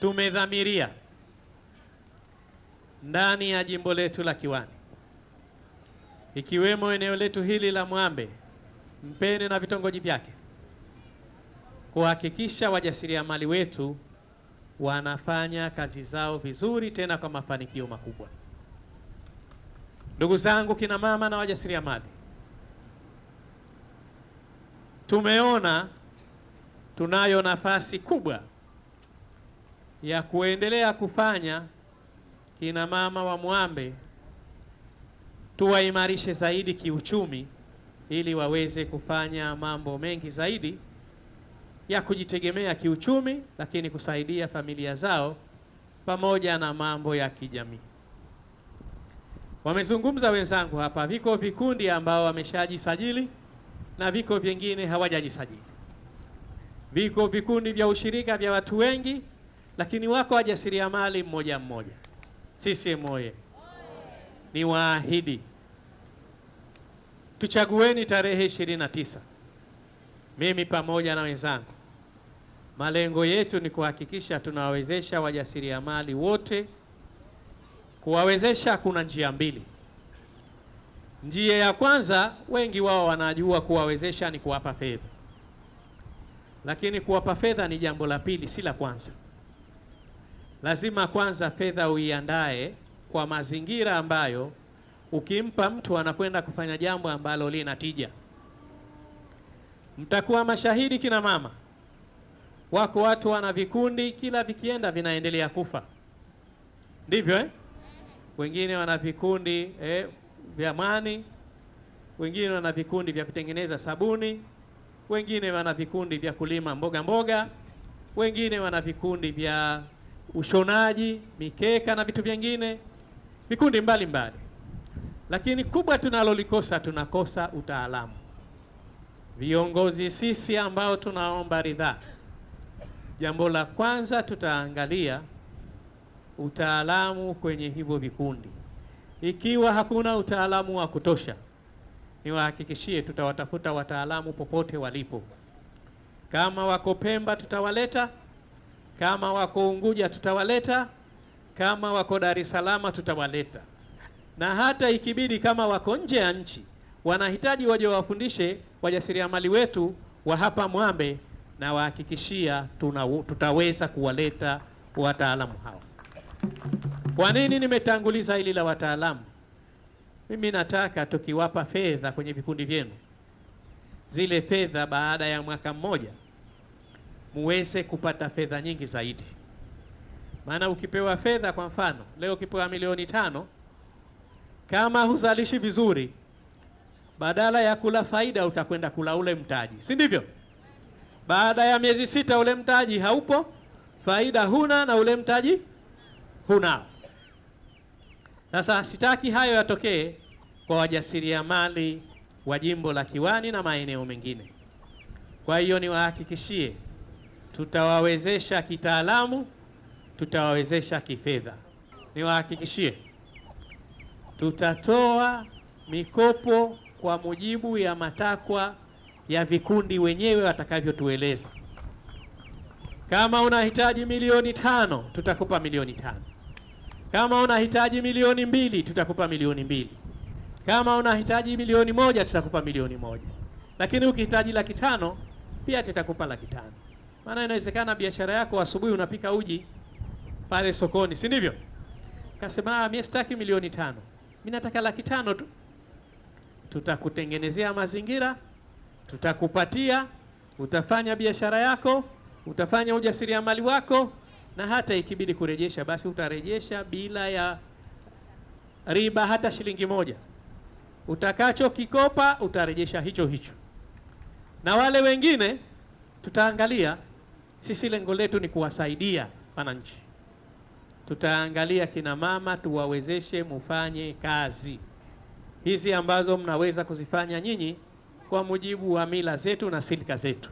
tumedhamiria ndani ya jimbo letu la Kiwani, ikiwemo eneo letu hili la Mwambe, Mpene na vitongoji vyake, kuhakikisha wajasiriamali wetu wanafanya kazi zao vizuri, tena kwa mafanikio makubwa. Ndugu zangu kina mama na wajasiriamali, tumeona tunayo nafasi kubwa ya kuendelea kufanya kina mama wa Mwambe tuwaimarishe zaidi kiuchumi, ili waweze kufanya mambo mengi zaidi ya kujitegemea kiuchumi, lakini kusaidia familia zao pamoja na mambo ya kijamii. Wamezungumza wenzangu hapa, viko vikundi ambao wameshajisajili na viko vingine hawajajisajili. Viko vikundi vya ushirika vya watu wengi lakini wako wajasiriamali mmoja mmoja, sisi moye ni waahidi, tuchagueni tarehe 29, mimi pamoja na wenzangu, malengo yetu ni kuhakikisha tunawawezesha wajasiriamali wote. Kuwawezesha kuna njia mbili. Njia ya kwanza, wengi wao wanajua kuwawezesha ni kuwapa fedha, lakini kuwapa fedha ni jambo la pili, si la kwanza lazima kwanza fedha uiandae kwa mazingira ambayo ukimpa mtu anakwenda kufanya jambo ambalo lina tija. Mtakuwa mashahidi, kina mama, wako watu wana vikundi, kila vikienda vinaendelea kufa, ndivyo eh? Wengine wana vikundi eh, vya mwani, wengine wana vikundi vya kutengeneza sabuni, wengine wana vikundi vya kulima mboga mboga, wengine wana vikundi vya ushonaji, mikeka na vitu vingine, vikundi mbalimbali mbali. Lakini kubwa tunalolikosa, tunakosa utaalamu. Viongozi sisi ambao tunaomba ridhaa, jambo la kwanza tutaangalia utaalamu kwenye hivyo vikundi. Ikiwa hakuna utaalamu wa kutosha, niwahakikishie tutawatafuta wataalamu popote walipo. Kama wako Pemba tutawaleta kama wako Unguja tutawaleta, kama wako Dar es Salaam tutawaleta, na hata ikibidi kama wako nje ya nchi wanahitaji waje wawafundishe wajasiriamali wetu wa hapa Mwambe, na wahakikishia tutaweza kuwaleta wataalamu hawa. Kwa nini nimetanguliza hili la wataalamu? Mimi nataka tukiwapa fedha kwenye vikundi vyenu, zile fedha baada ya mwaka mmoja muweze kupata fedha nyingi zaidi. Maana ukipewa fedha, kwa mfano leo ukipewa milioni tano, kama huzalishi vizuri, badala ya kula faida utakwenda kula ule mtaji, si ndivyo? Baada ya miezi sita ule mtaji haupo, faida huna na ule mtaji huna Sasa sitaki hayo yatokee kwa wajasiriamali wa jimbo la Kiwani na maeneo mengine. Kwa hiyo niwahakikishie tutawawezesha kitaalamu, tutawawezesha kifedha. Niwahakikishie, tutatoa mikopo kwa mujibu ya matakwa ya vikundi wenyewe watakavyotueleza. Kama unahitaji milioni tano tutakupa milioni tano. Kama unahitaji milioni mbili tutakupa milioni mbili. Kama unahitaji milioni moja tutakupa milioni moja, lakini ukihitaji laki tano pia tutakupa laki tano. Maana inawezekana biashara yako asubuhi unapika uji pale sokoni, si ndivyo? Kasema ah, mimi sitaki milioni tano, mimi nataka laki tano tu. Tutakutengenezea mazingira, tutakupatia, utafanya biashara yako, utafanya ujasiriamali wako, na hata ikibidi kurejesha, basi utarejesha bila ya riba hata shilingi moja. Utakachokikopa utarejesha hicho hicho, na wale wengine tutaangalia sisi lengo letu ni kuwasaidia wananchi. Tutaangalia kina mama tuwawezeshe mufanye kazi hizi ambazo mnaweza kuzifanya nyinyi kwa mujibu wa mila zetu na silika zetu.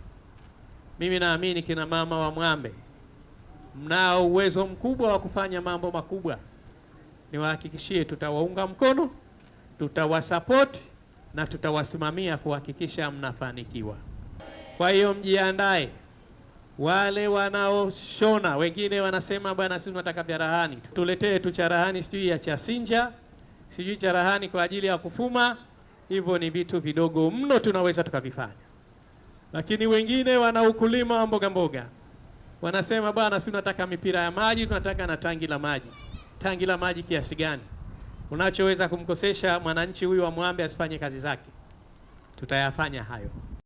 Mimi naamini kina mama wa Mwambe mnao uwezo mkubwa wa kufanya mambo makubwa. Niwahakikishie tutawaunga mkono, tutawasapoti na tutawasimamia kuhakikisha mnafanikiwa. Kwa hiyo mjiandae wale wanaoshona, wengine wanasema bwana, sisi tunataka rahani, tuletee tu rahani, sijui ya chasinja, sijui charahani kwa ajili ya kufuma. Hivyo ni vitu vidogo mno tunaweza tukavifanya, lakini wengine wana ukulima wa mboga mboga, wanasema bwana, sisi tunataka mipira ya maji, tunataka na tangi la maji. Tangi la maji kiasi gani unachoweza kumkosesha mwananchi huyu wa Mwambe asifanye kazi zake? Tutayafanya hayo.